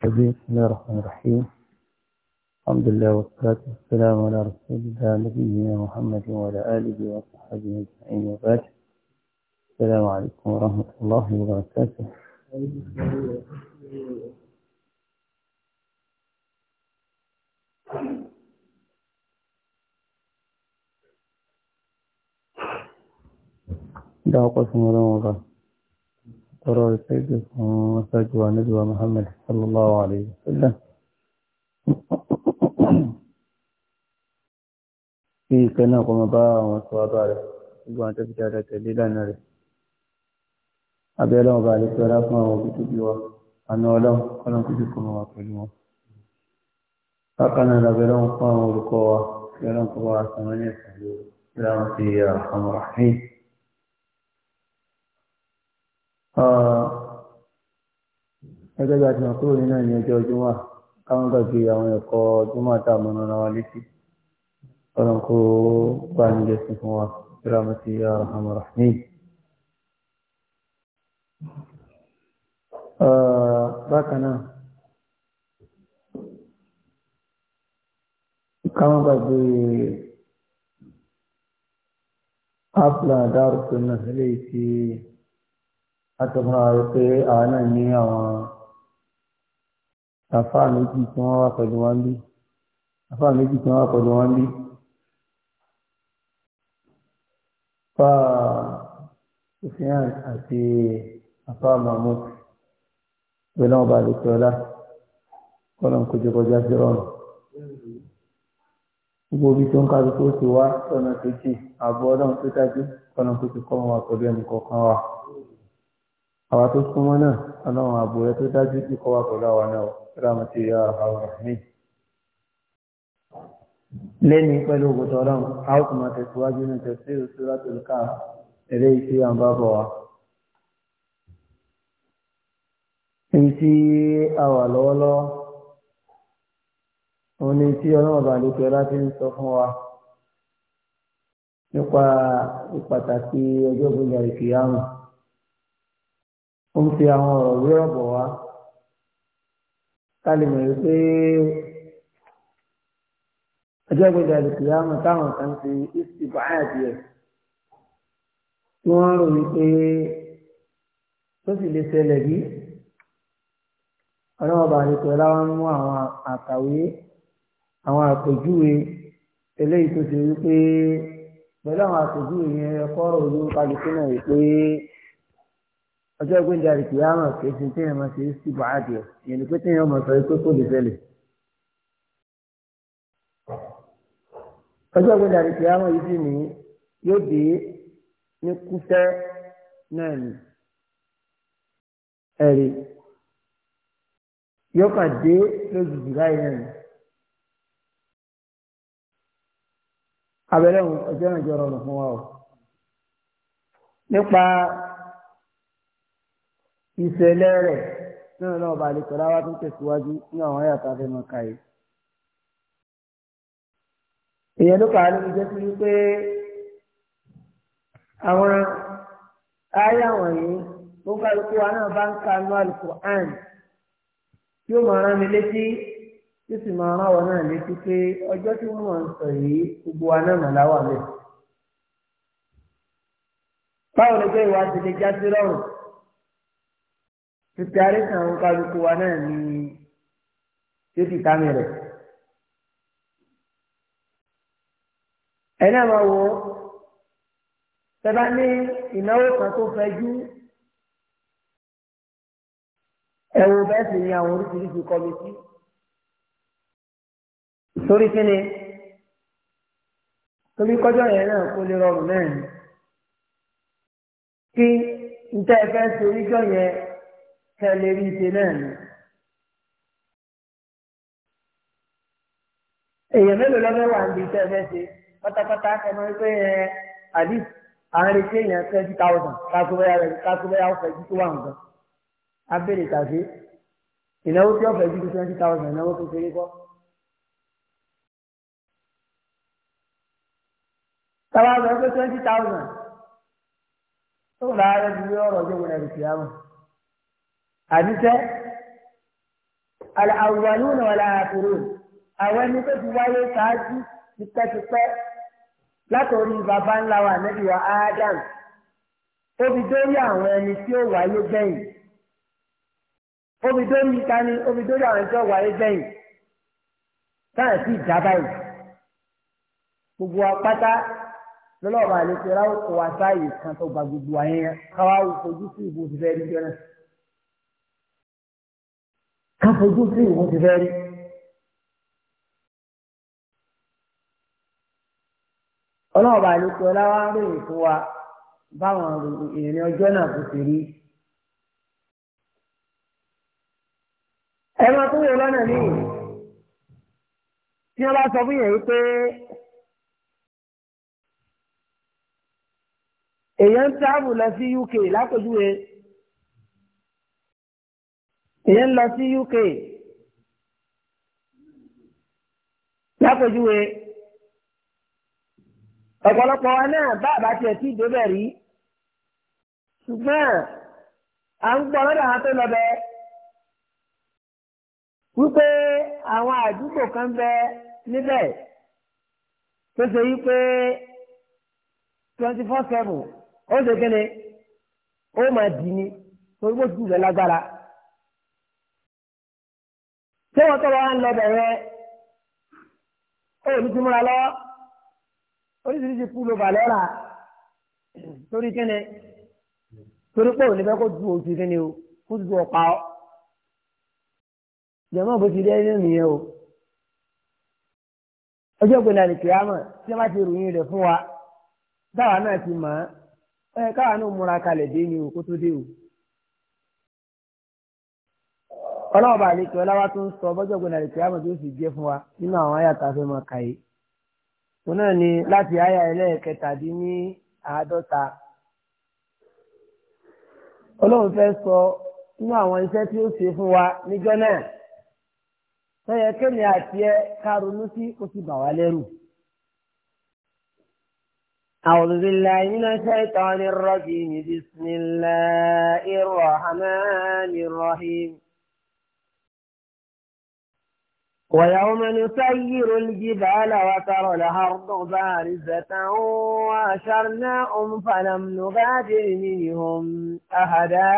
بسم الله الرحمن الرحيم الحمد لله والصلاة والسلام على رسول الله نبينا محمد وعلى آله وصحبه أجمعين وبعد السلام عليكم ورحمة الله وبركاته دعوة قسم الله tọrọ ìfẹ́jù fún ṣáájú wa níbi wa Muhammad sallallahu alayhi wa sallam kí ìfẹ́ náà kọ́ mọ́ bá àwọn tó wá bá rẹ̀ gbogbo àwọn tẹ́fẹ́ dáadáa tẹ̀lé lánàá rẹ̀ abẹ́lẹ́ ọba àlejò ọlá fún àwọn òbí tó bí wa àna ọlọ́run kọ́lọ́n kó sì fún wa pẹ̀lú wọn bákan náà lábẹ́lẹ́ wọn fún àwọn olùkọ́ wa bẹ́lẹ́ wọn kọ́ wa sàmọ́lẹ̀ pẹ̀lú ìlànà ti àmọ̀ àhín ẹgbẹ́ bí a ti mọ̀ kúrò nínú ẹ̀yìn ọjọ́ ojúmọ́ káwọn gbàgbé àwọn ẹ̀kọ́ ojúmọ́ tá a mọ̀ náà wá létí ọlọ́run kó bá ní lẹ́sìn fún wa ìrámọ́tì àrùn ní. bákan náà káwọn gbàgbé áfíà dárò tó náà lè ti láti fún wa pé àwa náà ní àwọn àfáà méjì tí wọ́n wá pẹ̀lú wọn bí àfáà méjì tí wọ́n wá pẹ̀lú wọn bí. Fa Sufyan àti àfáà Mahmoud pẹ̀lú ọba àdìsọ́lá kọ́nà kojúkọjá sí rọrùn. Gbogbo ibi tó ń kájú tó ti wá ọ̀nà kejì àbọ̀ ọlọ́run tó dájú kọ́nà kojúkọ́ wọn pẹ̀lú ẹnì kọ̀ọ̀kan wa àwa tó súnmọ́ náà ọlọ́run ààbò rẹ tó dájú kíkọ́ wa pẹ̀lú àwa náà ráàmù ti yá àwọn ọ̀hìn. lẹ́ni pẹ̀lú ògùtọ̀ ọlọ́run a ó tún máa tẹ̀síwájú ní tẹ̀síwájú sí látòlùkà eré ìṣe àǹbá bọ̀ wá. èyí tí a wà lọ́wọ́lọ́wọ́ òun ni tí ọlọ́run bá lè pẹ́lá ti ń sọ fún wa nípa pàtàkì ọjọ́ ìgbìyànjú ìfìyàmù ó ń fi àwọn ọ̀rọ̀ wúrọ̀ bọ̀ wá ká lè mọ̀ wípé ọjọ́ ìgbẹ́jà ìdìkìlá mọ̀ táwọn kan ti ìsìnkú àyàtì ẹ̀ tí wọ́n rò wípé tó sì lè ṣẹlẹ̀ bí ọlọ́wọ́ bá àdìkù ẹ̀ láwọn mú àwọn àkàwé àwọn àpèjúwe eléyìí tó ṣe wípé pẹ̀lú àwọn àpèjúwe yẹn ẹ̀kọ́ ọ̀rọ̀ olórúkọ àdìkù náà wípé ọjọ́ ìgbéǹde àríkìyàmọ̀ kìí téèyàn máa ṣe sí bàádì ẹ̀ yẹn ni pé téèyàn máa sọ pé kò lè ṣẹlẹ̀. ọjọ́ ìgbéǹde àríkìyàmọ̀ yìí sì ní yóò dé ní kúfẹ́ náà ni ẹ̀rí yóò kàn dé lójijì láì náà ni. abẹ́rẹ́ ọjọ́ ìjọra ọ̀nà fún wa o nípa. ìṣẹ̀lẹ̀ rẹ̀ na wọn náà balẹ̀ pẹ̀lú àwọn tó tẹ̀síwájú ní àwọn ayé àtàfẹ́ mọ̀ káyé. èèyàn ló kà á lóbi jẹ́ sí wípé àwọn ayé àwọn yìí tó wa náà bá ń ka nú tí ó máa rán mi létí tí ó sì máa rán wọn náà létí pé ọjọ́ tí wọ́n máa ń sọ yìí gbogbo wa preparation àwọn kálukú wa náà ní títí tàmì rẹ̀. ẹ̀yin náà máa wọ tẹ́bá ní ìnáwó kan tó fẹjú ẹ̀wò bẹ́ẹ̀ sì ni àwọn oríṣiríṣi kọ́mítì. torí kí ni torí kọjọ́ yẹn náà kó lè rọrùn náà ni kí n tẹ́ ẹ fẹ́ ṣe oríṣọ́ yẹn tẹ́lẹ̀ rí ṣe náà ni. èèyàn mélòó lọ́fẹ́ wà níbi iṣẹ́ fẹ́ ṣe pátápátá kẹmọ́ pé ẹ àdí àárín tí èèyàn twenty thousand kásùbẹ́yà rẹ̀ kásùbẹ́yà ọ̀fẹ́ jí tó wà nǹkan abéèrè tàbí ìnáwó tí ọ̀fẹ́ jí tó twenty thousand ìnáwó tó ṣeré kọ́. táwa sọ pé twenty thousand tó ń bá ara rẹ̀ bí ọ̀rọ̀ ọjọ́ ìwé rẹ̀ kìí àwọn àdìsẹ́ àwùwàlú náà làákùrù àwọn ẹni tó ti wáyé ṣáájú tipẹ́tipẹ́ látòrí bàbá ńlá wa nẹ́bí wa Adam ó fi dórí àwọn ẹni tí ó wáyé gbẹ̀yìn ó fi dórí ìtaní ó fi dórí àwọn ẹni tí ó wáyé gbẹ̀yìn táà sí ìjà báyìí gbogbo apáta lọ́lọ́ọ̀bà àlejò ráwọ̀ kò wá sáàyè kan tó gba gbogbo àyẹ̀yẹ káwá fojú ìbò òṣìṣẹ́ ẹni jẹ́ náà ká fojú sí ìwọ́n ti fẹ́ rí. ọlọ́ọ̀bà àlùkò ọláwá ń rèé fún wa báwọn ìrìn ọjọ́ náà kò sì rí. ẹ máa tún yẹ lọ́nà míì tí wọ́n bá sọ fún yẹn pé èèyàn ń táàbù lọ sí UK lápèjúwe èyí ń lọ sí UK lápèjúwe ọ̀pọ̀lọpọ̀ wa náà bá àbá tiẹ̀ tí ìdébẹ̀ rí ṣùgbọ́n à ń gbọ́ lọ́dọ̀ àwọn tó lọ bẹ wípé àwọn àdúgbò kan bẹ níbẹ̀ tó ṣe wípé twenty four seven ó ṣe kéde ó máa dì ní torí bó ti dùn lẹ́ lágbára ṣé wọn tọrọ wa ń lọ bẹ̀rẹ̀ ó ní ti múra lọ oríṣiríṣi kú ló bà lọ́ra torí kíni torí pé òní fẹ́ kó ju oṣù kíni o kó ju ọ̀pá ọ jẹ̀mọ́ bó ti dé ẹni nìyẹn o ọjọ́ ìpínlẹ̀ àlìkìyàmọ̀ tí wọ́n bá ti ròyìn rẹ̀ fún wa táwa náà ti mọ̀ ẹ́ káwa náà múra kalẹ̀ dé ni o kó tó dé o ọlọ́ọ̀bà àlejò ọláwá tó ń sọ bọ́jọ́ gbọ́dọ̀ àlejò àmọ̀ tó sì jẹ́ fún wa nínú àwọn àyà tá a fẹ́ máa kàyé. òun náà ni láti àyà ẹlẹ́ẹ̀kẹtàdínní àádọ́ta. ọlọ́run fẹ́ sọ nínú àwọn iṣẹ́ tí ó ṣe fún wa níjọ́ náà. sọ́yẹ kémi àti ẹ ká sí ó sì bà wá lẹ́rù. أعوذ بالله من الشيطان الرجيم بسم الله الرحمن الرحيم ويوم نسير الجبال وترى الأرض بارزة وأشرناهم فلم نغادر منهم أحدا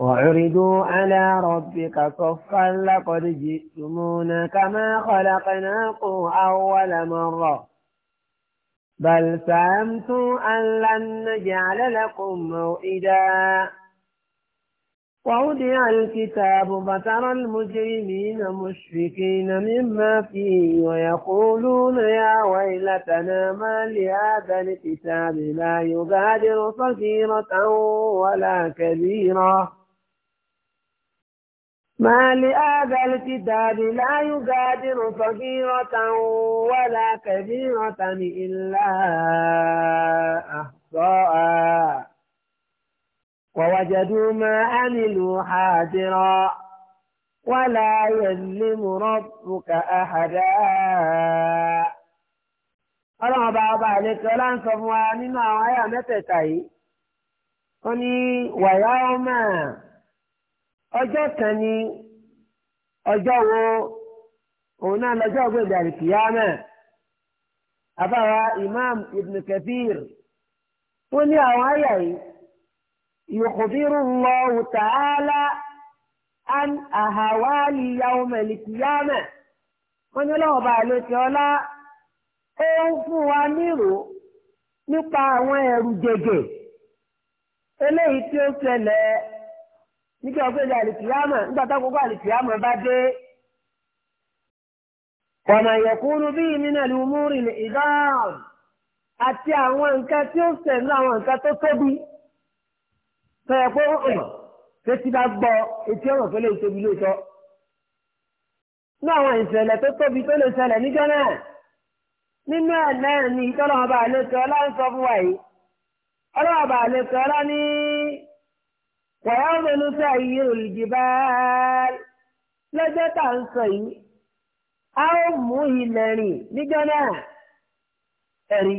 وعرضوا على ربك صفا لقد جئتمونا كما خلقناكم أول مرة بل فهمتم أن لن نجعل لكم موئدا ووضع الكتاب فترى المجرمين مشفقين مما فيه ويقولون يا ويلتنا ما لهذا الكتاب لا يغادر صغيرة ولا كبيرة ما لهذا الكتاب لا يغادر صغيرة ولا كبيرة إلا أحصاء ووجدوا ما عملوا حاضرا ولا يظلم ربك أحدا ọlọ́run ọba ọba àlejò ọlọ́run wa nínú àwọn àyà mẹ́tẹ̀ẹ̀ta yìí ó ní wàyà ọmọ ọjọ́ kan ní ọjọ́ wo òun náà lọ́jọ́ àbára imam ibn Kabir. ó ní àwọn يخبر الله تعالى عن أهوال يوم القيامة wọ́n ní ọlọ́wọ́ bá ló ti ọlá ó ń fún wa nírò nípa àwọn ẹ̀rù jẹjẹ eléyìí tí ó ṣẹlẹ̀ nígbà ọgbẹ́jà àlìkìyàmọ̀ nígbà tó gbogbo àlìkìyàmọ̀ bá dé ọ̀nà ìyẹ̀kúrú bíi nínú ẹ̀lú múrin ìdáhùn àti àwọn nǹkan tí ó ṣẹlẹ̀ àwọn nǹkan tó tóbi tọ́yẹ pé ó mọ̀ tó ti bá gbọ́ etí ọ̀rọ̀ tó lè tóbi lóòótọ́. ní àwọn ìṣẹ̀lẹ̀ tó tóbi tó lè ṣẹlẹ̀ níjọ́ náà nínú ẹ̀ náà ni ìtọ́lọ́wọ́ bá àlejò ọlá ń sọ fún wa yìí ọlọ́wọ́ bá àlejò ọlá ní wọ̀nyáwó ló sọ yìí olùdìbà lọ́jọ́ tá à ń sọ yìí a ó mú ilẹ̀ rìn níjọ́ náà ẹ̀rí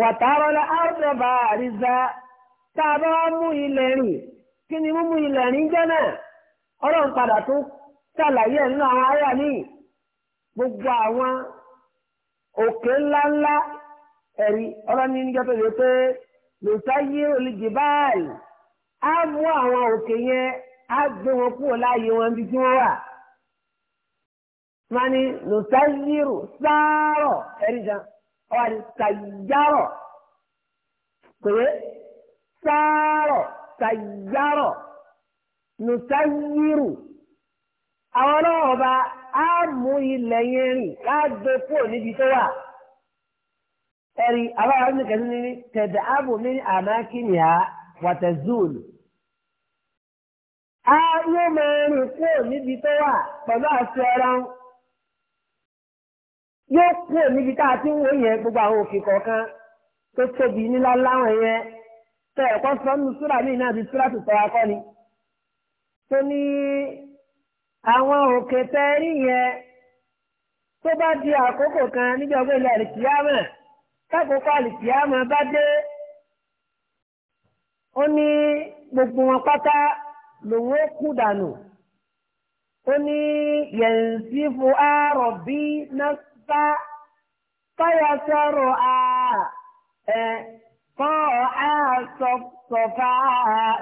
wàtárọ́lá áwùjọba àríza. tá a bá mú ilẹ̀ rìn kí ni ilẹ̀ rìn jẹ́ náà ọlọ́run padà tó ṣàlàyé ẹ̀ nínú àwọn ní gbogbo àwọn òkè ńláńlá ẹ̀rí ọlọ́ni níjọ́ tó lè pé lòtáyé olùjìbáàlì á mú àwọn òkè yẹn á gbé wọn kúrò láàyè wọn bí sáárọ̀ sàyárọ̀ nùsáyírù àwọn ọlọ́wọ́ bá á mú ilẹ̀ yẹn rìn ká gbé kúrò níbi tó wà ẹ̀rí àwọn àwọn nìkan ní tẹ̀dẹ̀ ààbò ní àmákìnìyà wàtẹ̀zúùlù á yóò máa rìn kúrò níbi tó wà pẹ̀lú àṣẹ ọlọ́run yóò kúrò níbi tá a ti ń wò yẹn gbogbo àwọn òkè kọ̀ọ̀kan tó tóbi nílá láwọn yẹn. tẹ ẹ̀kọ́ sọ nínú súrà míì náà ti súrà tó tọ́ra kọ́ ni tó ní àwọn òkè tẹ rí yẹn tó bá di àkókò kan níbi ọgbẹ́ ilẹ̀ àlìkìyámà kákòókò àlìkìyámà bá dé ó ní gbogbo wọn pátá lòun ó kú dànù ó ní yẹ̀nsífù àárọ̀ bí náà bá fáyà sọ̀rọ̀ sọ́ọ̀á sọ́fà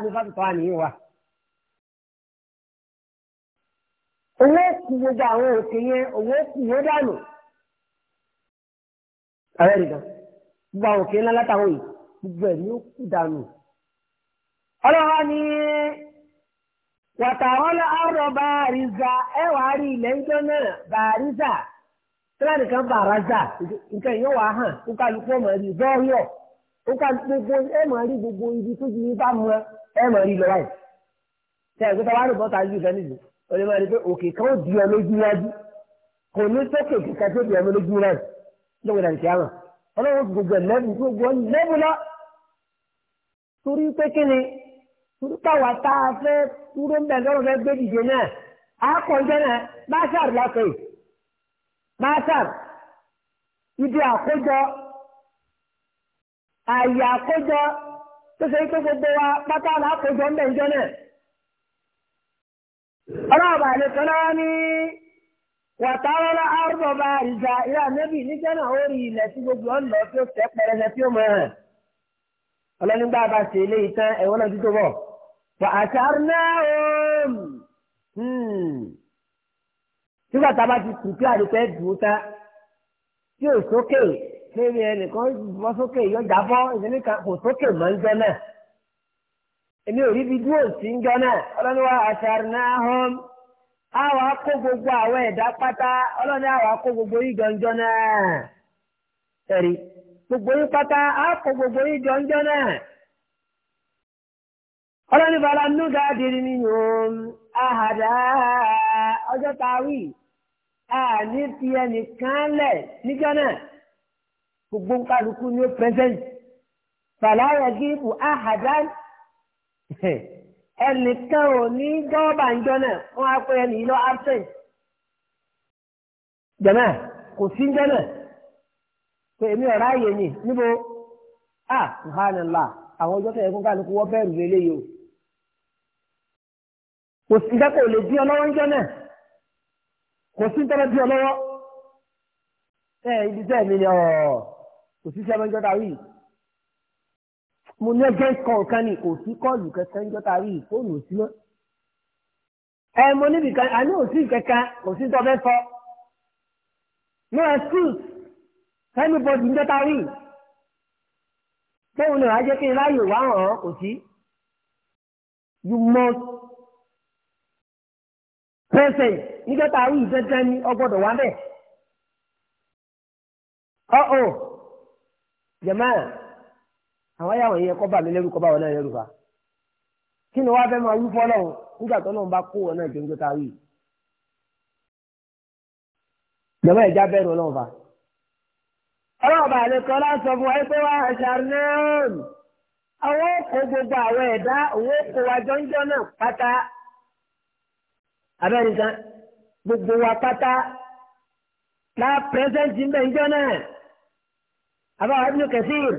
ní fásitì àwọn òkè yẹn owó kù yóò dànù. àwọn ènìyàn gbogbo àwọn òkè ńlá látàwọn yìí gbogbo ẹ̀ ni ni wàtàwọ́lá rí ilẹ̀ ń jẹ́ náà tí wọ́n nìkan nǹkan yóò wá hàn kó kálukú ọmọ rí ó ká gbogbo ẹ máa rí gbogbo ibi tó ti bá mu ẹ máa rí lọ́wọ́ yìí ṣe àgbẹ̀ tó wá rí bọ́ta yìí lẹ́nu yìí ó lè máa rí pé òkè kan ó di ọ lójú iwájú kò ní sókè kíkà tó di ọ lójú iwájú lóun ìdàgbàsí àwọn ọlọ́run ti gbogbo ẹ̀ tó gbọ́ lẹ́bùn lọ torí pé kí ni torí táwa tá a fẹ́ dúró ń lọ́rùn fẹ́ gbé dìde náà á náà bá àyè àkójọ tó ṣe pé gbogbo wa pátá làákójọ ń bẹ̀ ń jọ náà. ọlọ́ọ̀bà àlejò lọ́wọ́ ní wàtárọ́lá àrùbọ̀ bá àrìjà ìyá nẹ́bì níjẹ́ náà ó rí ilẹ̀ tí gbogbo ọ̀n lọ tí ó tẹ́ pẹrẹsẹ tí ó mọ̀ ẹ̀. ọlọ́nígbà bá ṣe eléyìí tán ẹ̀wọ́n náà ti tó bọ̀. wà á sáré náà ó nígbà tá a bá ti tù àdìpẹ́ dùn tán tí ò sókè lérí ẹnìkan bọ́ sókè ìdílé kan kò sókè mọ́ ń jẹ́ náà èmi ò rí bí dúró sí ń jọ náà ọlọ́niwá àṣàrìnàhọ́m àwọn akó gbogbo àwọn ẹ̀dá pátá ọlọ́ni àwọn akó gbogbo yìí jọ̀ǹjọ́ náà ẹ̀rí gbogbo yìí pátá akó gbogbo yìí jọ̀ǹjọ́ náà ọlọ́ni bala núgà ọjọ́ àní fi lẹ̀ níjọ́ náà. gbogbo nkálukú ní ó pẹ́sẹ́ǹtì fàlàyé gíìpù àhàdán ẹnìkan ò ní gọ́ọ̀bà ńjọ náà wọ́n á pé ẹnì lọ absent jẹ̀mẹ́ kò sí ńjọ náà pé èmi ọ̀rá yẹn ni níbo ah subhanallah àwọn ọjọ́ tẹ̀yẹ fún wọ́n bẹ̀rù lélẹ́yìí o kò sí dákò lè bí ọlọ́wọ́ ń jẹ́ kò sí tọ́lá bí ọlọ́wọ́ ẹ ibi tẹ́ mi ni ọ̀ọ́ kò sí sẹ́wọ́n jọ́ta rí mo ní ẹgbẹ́ kọ̀ọ̀kan ni kò sí kọ́ọ̀lù kẹsàn-án jọ́ta rí fóònù ò sí mọ́ ẹ mo níbi kan àní ò kankan kò sí tọ́ fẹ́ fọ́ no excuse anybody ń jọ́ta rí fóònù àjẹ́ kí n ráyè wá hàn án kò sí you must present níjọ́ta rí dandan ni ọgbọ́dọ̀ wá bẹ́ẹ̀. jẹ̀mọ́ àwọn ayáwọ̀ yẹn kọ́ bà mí wọn náà fa kí ni wọ́n fẹ́ máa wí nígbà tó náà bá kó wọn náà jẹun tó ta wí. jẹ̀mọ́ ẹ̀já bẹ̀rù ọlọ́run fa. ọlọ́run bá lè kọ́ fún ẹ pé àwọn gbogbo àwọn náà àbáwá ibn Kathir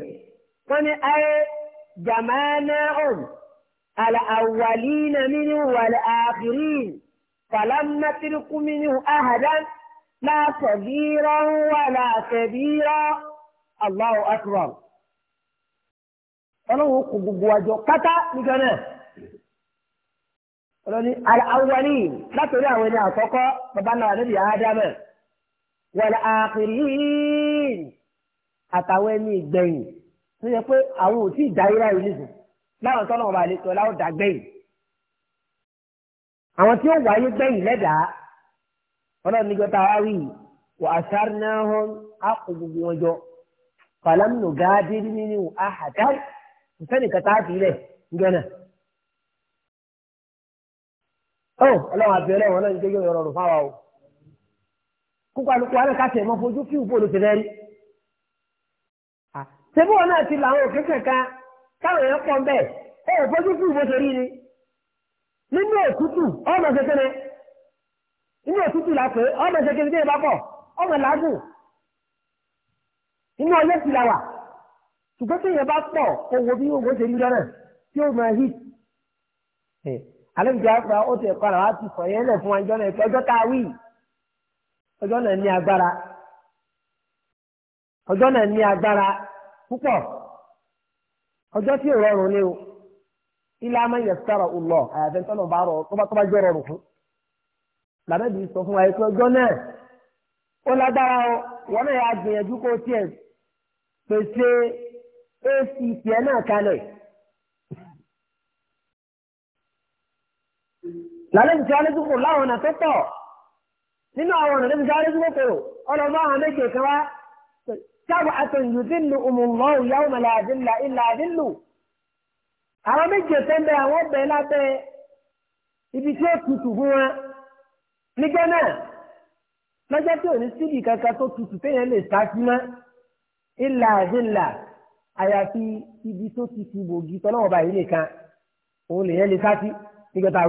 wọ́n ní ayé jamanáhùn àlàáwàlínà mínú wàlẹ̀ àkìrín fàlámàtìrìkú mínú àhàdán láàtọ̀bírọ̀ wàlà àtẹ̀bírọ̀ Allahu akbar. ọlọ́run kò gbogbo àjọ pátá níjọ náà ọlọ́ni àwọ̀ní látòrí àwọn ẹni àkọ́kọ́ bàbá níbi àádámẹ́ wàlẹ̀ àkìrín àtàwọn ẹni ìgbẹ̀yìn tó yẹ pé àwọn ò tí ì dáyé ráyè nìkan láwọn tọ́nà ọba àlejò láwọn dà gbẹ̀yìn àwọn tí ó wáyé gbẹ̀yìn lẹ́dàá ọlọ́run níjọ tá a wí wà á sáré náà hàn á kó gbogbo wọn jọ fàlámù gáàdé nínú àhàdá kò sẹ́nìkan tá a fi ọ ọlọ́run àti ọlọ́run ọlọ́run jẹ́ yóò yọrọ̀ rò o kókó àlùkò alẹ́ ká mọ́ fojú fíìmù bóòlù Ah. ṣebí wọn náà ti làwọn òfin kankan káwọn èèyàn pọ̀ bẹ́ẹ̀ ẹ ò fojú fún ìwé sórí ni nínú òtútù ọmọ kékeré nínú òtútù la pé ọmọ kékeré ní ìbápọ̀ ọmọ làágùn inú ọyẹ́ sì la wà ṣùgbọ́n tí èèyàn bá pọ̀ owó bí owó ṣe rí lọ́nà tí ó máa hit alẹ́bìjà pa ó ti ẹ̀kọ́ àrà wá sọ̀yẹ́ lẹ̀ fún wa ìjọ náà ọjọ́ tá a wí ọjọ́ náà ní agbára ọjọ́ náà ní agbára púpọ̀ ọjọ́ tí ò rọrùn ni o ilá máa ń yẹ sára ọlọ àyàfẹ́ tọ́nà bá rọ tó bá tó bá jẹ́ rọrùn fún làbẹ́bí sọ fún wa pé ọjọ́ náà ó lágbára o wọn náà yà gbìyànjú kó tiẹ̀ pèsè ac tiẹ̀ náà kalẹ̀. lálẹ́ ìṣe alẹ́sùkò láwọn ọ̀nà tó pọ̀ nínú àwọn ọ̀nà tó alẹ́sùkò kò ọlọ́mọ àwọn méje kan wá sábàtò yùdílù òmùmọ́rù yàwó màláàdínlà ìlàdínlù. àwọn méje tó ń bẹ àwọn bẹ lábẹ́ ibi tí ó tutù fún wa nígbà náà lọ́jọ́ tí ò ní síbi kankan tó tutù téèyàn lè sá sí mọ́ ìlàdínlà àyàfi ibi tó tutù bògì tọ́lọ́wọ́ báyìí nìkan òun lèyàn lè sá sí nígbà tá a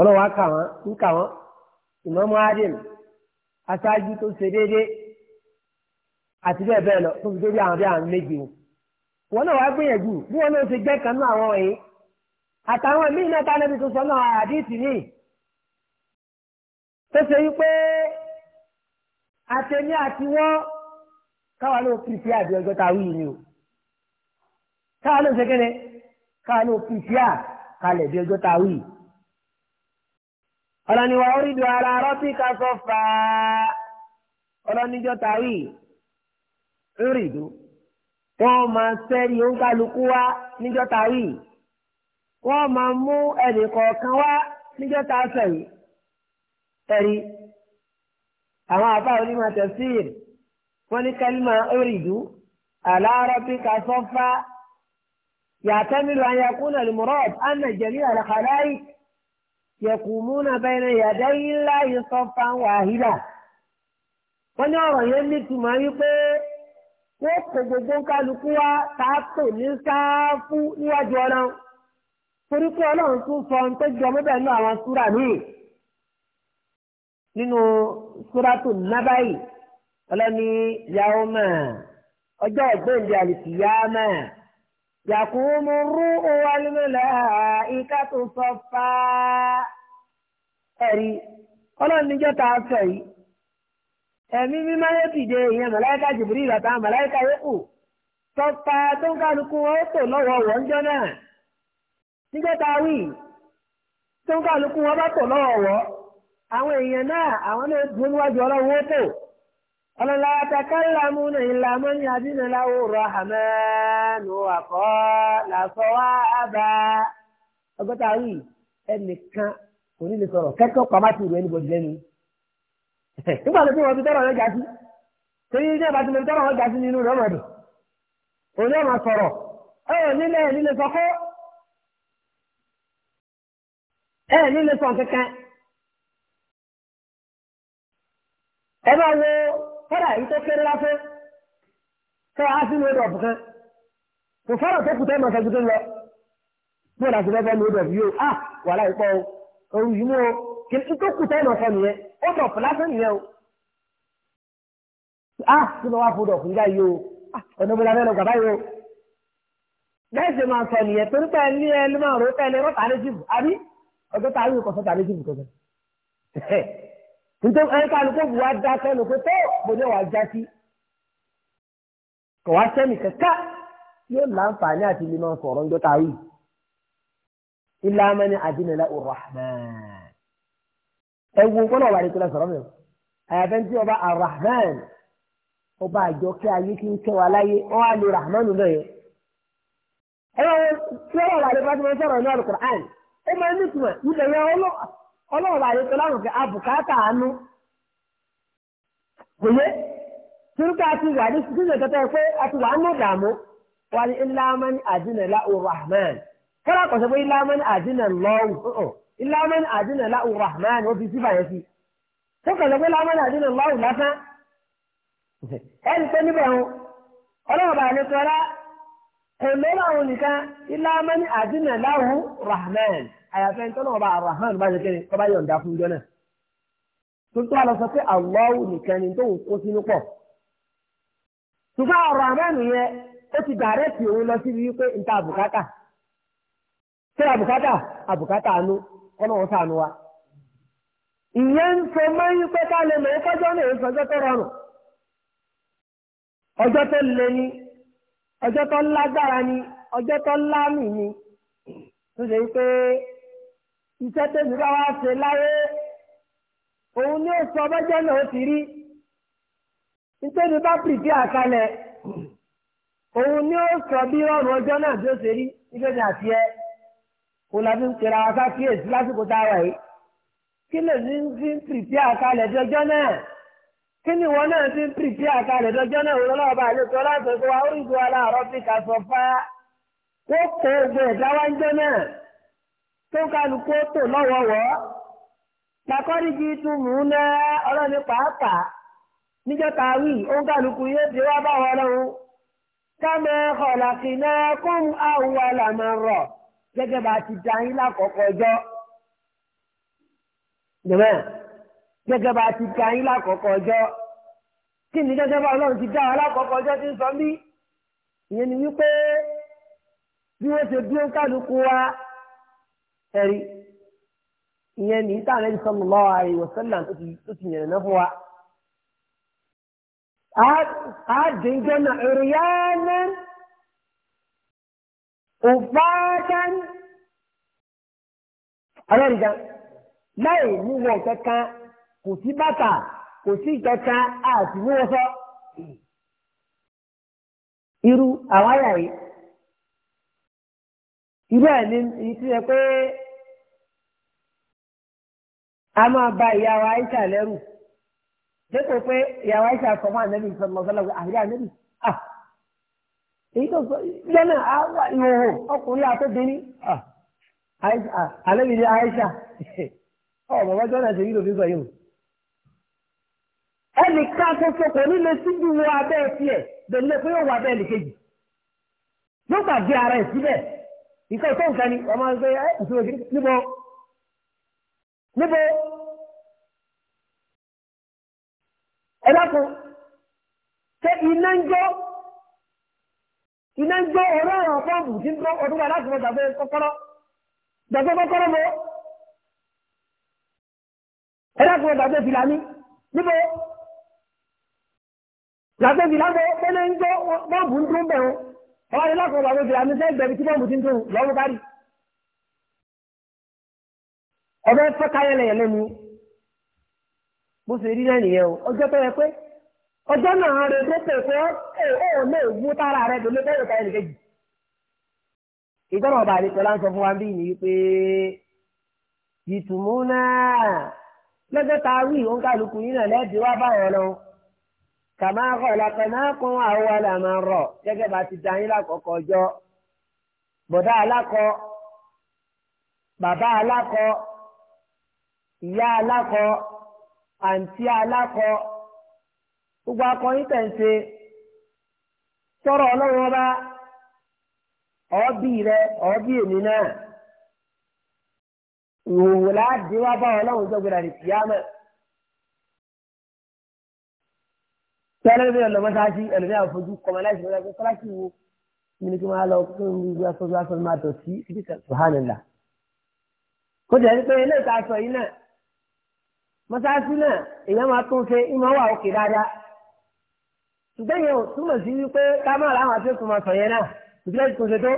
ọlọ́wọ́ á kà wọ́n ń kà wọ́n ìmọ̀ọ́mọ́ adìm aṣáájú tó ṣe déédéé àti bẹ́ẹ̀ bẹ́ẹ̀ lọ tó fi déédéé àwọn bí àwọn méjì o wọn náà wàá gbìyànjú bí wọn náà ṣe jẹ́ kan náà àwọn yìí àtàwọn míì náà bá lẹ́bi tó sọ náà àdìsí ni tó ṣe wípé àtẹ̀mí àti wọ́n káwa ló pìpìà bí ọjọ́ ta wí ni o káwa ló ṣe kéde káwa ló pìpìà kalẹ̀ bí ọjọ́ ta wí ọlọ́ni wa orídùú ara rọ́bìkà sọ́fà ọlọ́nijọ́ tàwí ńrìdù wọ́n máa sẹ́rí oníkálukú wá níjọ́ tàwí wọ́n máa mú ẹnì kọ̀ọ̀kan wá níjọ́ tá a sẹ̀yìn ẹ̀rí àwọn àbá onímọ̀ tẹ̀síìr wọ́n ní kẹ́límà ńrìdù ala rọ́bìkà sọ́fà yàtọ̀ mílò ayẹkùn nàlùmọ́rọ́ọ̀t ànàjẹ̀mí àlàkàláyìí. yẹ̀kùmúnà bẹ́ẹ̀rẹ̀ yàdá ilá ìsọ̀fà wàhídà. wọ́n ní ọ̀rọ̀ yẹn nítumọ̀ wípé wọ́n kó gbogbo kálukú wá tààtò ní sáfù níwájú ọlọ́run. torí ọlọ́run tún sọ ohun tó jọ mọ́bẹ̀ nínú àwọn súrà míì. nínú súràtù nábàyì ọlọ́ni yàwó mọ̀ ọjọ́ ọ̀gbẹ́ǹdì àlìkìyà rú sọ ẹ̀rí ọlọ́run níjọ́ tá a sọ yìí ẹ̀mí mímọ́ yóò dìde ìyẹn màláíkà jìbìrì ìrọ̀tà màláíkà yóò tọ́pa tó ń kálukú wọn ó tò lọ́wọ́ wọ́njọ́ náà níjọ́ tá a wí tó ń kálukú wọn bá tò lọ́wọ́ wọ́ àwọn èèyàn náà àwọn náà níwájú ọlọ́run ó tò kò ní lè sọ̀rọ̀ kẹ́kọ̀ọ́ pamá ti rò ẹnìbọ̀dì lẹ́nu nígbà tó wọ́n ti tọ́rọ̀ ọjà sí torí ní ẹ̀bá ti lè tọ́rọ̀ ọjà sí nínú rẹ̀ ọ̀dọ̀ òní ọ̀nà sọ̀rọ̀ ẹ̀ nílẹ̀ nílẹ̀ sọ́kọ́ ẹ̀ nílẹ̀ sọ̀ kẹ́kẹ́ ẹ bá wo kọ́dà yìí tó kéré lásán tó a sínú ẹ̀dọ̀ ọ̀fùkan kò fọ́rọ̀ tó kù tẹ́ mọ̀ sẹ́jú tó lọ bí ọ̀nà àti bẹ́ẹ̀ bẹ́ẹ̀ ní ẹ̀dọ̀ yóò ah wàhálà ìpọ́ o òru yìí mú o kí n tó kù táyì lọ́sọ̀ nìyẹn ó dọ̀ fúlásán nìyẹn o. a ah, kí ló wá fọdọ̀ fún yá yìí o ah, ọ̀nà ìbílẹ̀ abẹ́rẹ́ gàbá yìí o. bẹ́ẹ̀ sì máa sọ nìyẹn torí pé ní ẹ ní máa rò pé ẹni rọ́tà ní jìbù àbí ọjọ́ tá a yóò kọ́sọ́tà ní jìbù kọ́sọ́. nítorí ẹni kálukú bu wa dá sẹ́nu pé tó mo ní wàá já sí. kò wá sẹ́ni Illa mani adina la urrahman ewu náà wà ní kílẹ̀ sọ̀rọ̀ mi àyàfẹ́ tí ọba arahman ọba àjọkẹ́ ayé kí n kẹ́ wa láyé wọ́n á lo rahman lọ́yẹ̀ ẹ̀rọ tí wọ́n wà ní fatima sọ̀rọ̀ ní alukur'an ó máa ní ìtumọ̀ a kọ́lá kọ̀ sọ pé ilámẹ́ni àdínà lọ́wù ọ̀hún ilámẹ́ni àdínà láwù rahman ó fi sífà yẹn sí tó kọ̀ sọ pé ilámẹ́ni àdínà lọ́wù lásán ẹni tó níbẹ̀ ń ọlọ́run bá ní rahman àyàfẹ́ ń tọ́lọ́wọ́ rahman bá ṣe kéde kọ́ bá tuntun a lọ sọ pé Allahu nìkan ni tó ṣé àbùkátà àbùkátà àánú ọlọ́run àánú wa. ìyẹn ń sọ máa ń pẹ́ ká lè mọ̀ ọjọ́ náà ń sọjọ́ tó rọrùn ọjọ́ tó ni ọjọ́ tó lágbára ni ọjọ́ tó lámì tó ṣe pé iṣẹ́ bá wá ṣe láyé òun náà ó ti rí bá pìpì àkálẹ̀ òun ọjọ́ náà bí ó ṣe rí kó la fi ń pera wa sákìyèsí lásìkò tá a wà yìí kí lè ní ti ń pìrìpì àkàlẹ̀ dọjọ́ náà kí ni ìwọ náà ti ń pìrìpì àkàlẹ̀ dọjọ́ náà òun náà bá lè tọ́ láti ṣe wa ó rí ìdúrà láàárọ̀ fi kà sọ fá ó kó ogun ẹ̀dá wá ń jẹ́ náà tó kálukú tó lọ́wọ́wọ́ lakọ́ríjì tún mú un náà ọlọ́ni pàápàá níjọ́ ta wí òun kálukú yóò dé wá bá wọn lọ́wọ́ gẹ́gẹ́ bá ti da yín lákọ̀ọ́kọ́ ọjọ́ jẹ̀mọ́ gẹ́gẹ́ bá ti da yín lákọ̀ọ́kọ́ ọjọ́ kí ni gẹ́gẹ́ bá ọlọ́run ti dá wa lákọ̀ọ́kọ́ ọjọ́ tí ń sọ mí ìyẹn ni wípé bí wọ́n ṣe dúró kálukú wa ẹ̀rí ìyẹn ní sáà lẹ́yìn sallallahu alaihi wasallam tó ti yẹ̀rẹ̀ náà fún wa. a náà. òfáàkán ọlọ́rìndà láì níwọ̀ kankan kò sí bàtà kò sí kankan àti níwọ̀ sọ. irú àwọn àyà yìí irú ẹ̀ ní ìtú yẹ pé a máa ba ìyàwó Aisha lẹ́rù dépò pé ìyàwó Aisha sọ fún ànábì sọ̀rọ̀ lọ́sọ̀lọ́sọ̀ àríyá ah. èyí tó sọ lẹ́nà àwà ìhòhò ọkùnrin àtọ́bìnrin àlẹ́bìnrin Aisha ọ bàbá jọ́nà ṣe nílò fífọ yìí ẹnì kan ṣoṣo kò ní lè síbi wọ abẹ́ tiẹ̀ bẹ̀lẹ́ pé yóò wọ abẹ́ ẹnìkejì yóò gbàgbé ara ẹ̀ síbẹ̀ ìkọ́ tó nǹkan ni ọmọ ẹgbẹ́ ẹ ìṣòro kiri níbo níbo ẹ dákun ṣé iná ń jó iná ń gbé ọ̀rọ̀ ọ̀rọ̀ pọ́ọ̀bù tí ń bọ́ ọdún wa láti lọ gbàgbé kọ́kọ́rọ́ gbàgbé kọ́kọ́rọ́ mọ́ ẹ láti lọ gbàgbé fìlà ní níbo gbàgbé fìlà mọ́ pẹ́lẹ́ ń gbé pọ́ọ̀bù ń dún bẹ̀rù ọwọ́ ilé láti lọ gbàgbé fìlà ní sẹ́yìn gbẹ̀bí tí pọ́ọ̀bù ti ń dún lọ́wọ́ bá rí ọbẹ̀ fẹ́ káyẹ̀lẹ̀ yẹn lẹ́nu bó ṣe rí náà nìyẹn ọjọ́ tó ọjọ́ náà rẹ̀ tó pè fún ọ̀ lè wú tára rẹ̀ tó lé bẹ́ẹ̀ ká ẹnì kejì. ìjọba ọba àdìsọ láǹsọ fún wa bíi nìyí pé ìtùmú náà lọ́jọ́ ta wí òǹkàlùkù yìí náà lẹ́ẹ̀dì wá báyọ̀ lọ. kàmá kọ̀ọ̀lákọ̀ náà kún àwọn àlàmà rọ̀ gẹ́gẹ́ bá ti dá yín lákọ̀ọ́kọ́ ọjọ́. bọ̀dá alákọ̀ bàbá alákọ̀ ìyá alákọ̀ àǹtí alákọ̀ gbogbo akọrin tẹ̀ ń ṣe tọrọ ọlọ́run ọba ọ̀ọ́bì rẹ ọ̀ọ́bì èmi náà ìhòòhò láàdé wá bá ọlọ́run jọ́gbìn àrè tìyámẹ́. tẹ́lẹ̀ bí ọlọ́mọsáàsì ẹlòmí àfojú kọ́mọláìsì lọ́dọ̀ pé kọ́láṣì wo mímí kí wọ́n á lọ máa sí ibi kan kó jẹ́ pé ilé ìta aṣọ yìí náà mọ́sáàsì náà èèyàn máa tún ṣe ìmọ̀ wà òkè ṣùgbọ́n yẹn ò túmọ̀ sí wípé ká má ra àwọn afẹ́kùn máa sọ yẹn náà ìpínlẹ̀ kò ṣe tó.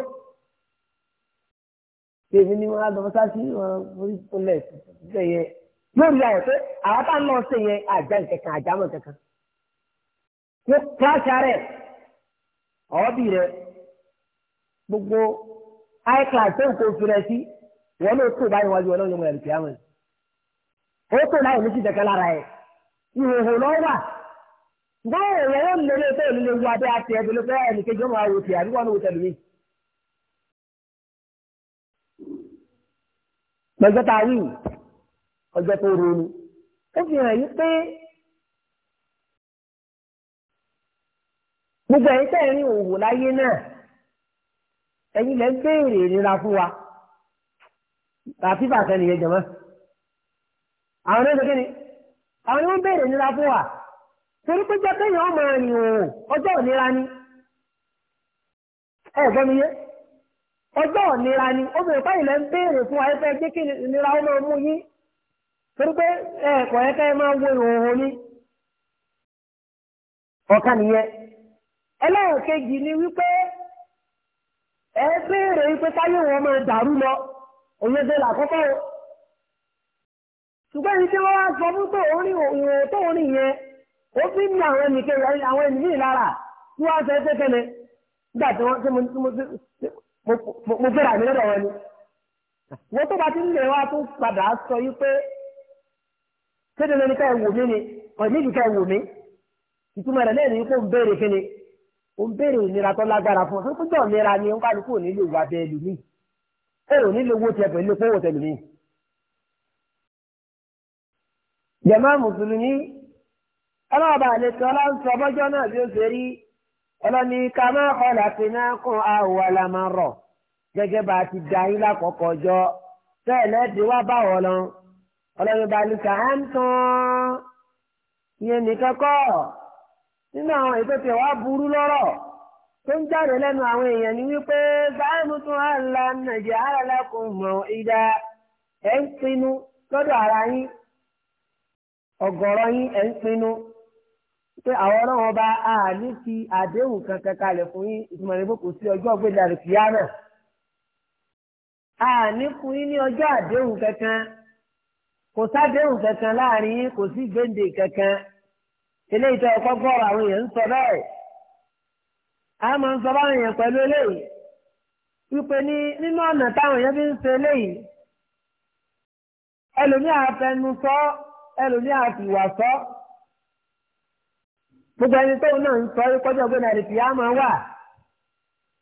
Èmi ni wọ́n á lọ sá sí wọn orí ìpínlẹ̀ ìpínlẹ̀ yẹn. Yóò rí àyẹ̀ pé àwọn tá ń lọ sí yẹn àjà ìkẹ̀kẹ̀ àjámọ̀ kankan. Yóò kíláàsì rẹ̀ ọ̀ọ́bì rẹ̀ gbogbo icloud tó ń kó fi rẹ̀ sí wọ́n ló tó báyìí wájú ọlọ́run yóò ẹ̀rù kìá wọn. Ó tó láì ní bẹ́ẹ̀ rẹ̀ wọ́n lè lè fẹ́ ìlú lè wo adé àti ẹ̀dùn lè fẹ́ ẹnìkejì ọmọ àwọn òkè àbíwọ́n owó tẹ̀lé mi. lọ́jọ́ tá a wí ọjọ́ tó ronú ó fi hàn yí pé gbogbo ẹ̀yin tẹ́ ẹ̀ ní òwò láyé náà ẹ̀yin lẹ́ ń béèrè ìnira fún wa àti bàtẹ́ nìyẹn jọ̀mọ́ àwọn ẹ̀ṣẹ̀ kí ni àwọn ẹ̀ṣẹ̀ béèrè ìnira fún wa. torí pé jẹ́ kéèyàn ọmọ rìn ọjọ́ òníra ni ẹ̀gbọ́n mi yé ọjọ́ òníra ni obìnrin báyìí lẹ́ ń béèrè fún wa jẹ́ kí ìnira ó máa mú yín torí pé ẹ̀kọ́ yẹn kẹ́ ẹ máa wo ìròhùn ni ọ̀kan nìyẹn ẹlẹ́ẹ̀kejì ni wípé ẹ béèrè wípé táyé wọn máa dàrú lọ làkọ́kọ́ o ṣùgbọ́n sọ fún ní ó fi ń ní àwọn ẹnìkẹ́ àwọn ẹnìyí lára tí wọ́n á sọ ẹsẹ̀ kẹ́lẹ́ nígbà tí wọ́n tí mo mo fẹ́ rà mí lọ́dọ̀ wọn ni. wọ́n tó bá ti ń lè wá tó padà sọ yí pé kéde lóni ká ẹ wò mí ni ọ̀nì ìdí ká ẹ wò mí ìtumọ̀ rẹ̀ lẹ́yìn kó ń béèrè kí ni ó ń béèrè ìnira tó lágbára fún un kójọ́ ìnira ni nǹkan àdúgbò nílò wà bẹ́ẹ̀ lù mí ẹ ò nílò owó tiẹ̀ pẹ̀lú owó tẹ̀lù mí. jàmáà mùsùlùmí ọlọ́ọ̀bà àlejò ọlọ́nsọ bọ́jọ́ náà bí ó ṣe rí ọlọ́ni ká máa kọlà sí náà kún àwọ̀ àlàmọ́rọ̀ gẹ́gẹ́ bá a ti da yín lákọ̀ọ́kọ́ jọ tẹ́lẹ̀ tí wá bá wọ̀ lọ ọlọ́ni bá ní ká ń tán ìyẹn nìkan kọ́ nínú àwọn ètò tí wàá burú lọ́rọ̀ tó ń jáde lẹ́nu àwọn èèyàn ni wípé sáàmù tún á la nàìjíríà alákùn mọ̀ ìdá ẹ̀ ń pinnu lọ́dọ̀ ara yín ọ̀gọ̀rọ̀ yín ẹ̀ ń pinnu pé àwọn ọlọ́wọ́ bá a ní fi àdéhùn kankan kalẹ̀ fún yín ìtumọ̀ ní kò sí ọjọ́ ògbéjà rẹ̀ fìyà náà. a ní fún yín ní ọjọ́ àdéhùn kankan kò sádéhùn kankan láàrin yín kò sí gbèǹde kankan eléyìí tó ẹ̀kọ́ gbọ́rọ̀ àwọn èèyàn ń sọ bẹ́ẹ̀. a máa ń sọ báwọn èèyàn pẹ̀lú eléyìí wípé ní nínú ọ̀nà táwọn èèyàn fi ń ṣe eléyìí ẹlòmíà fẹnu sọ ẹlòmíà fìwà sọ gbogbo ẹni tó náà ń sọ kọjá ọgbẹ́ni àdìsí yá máa wà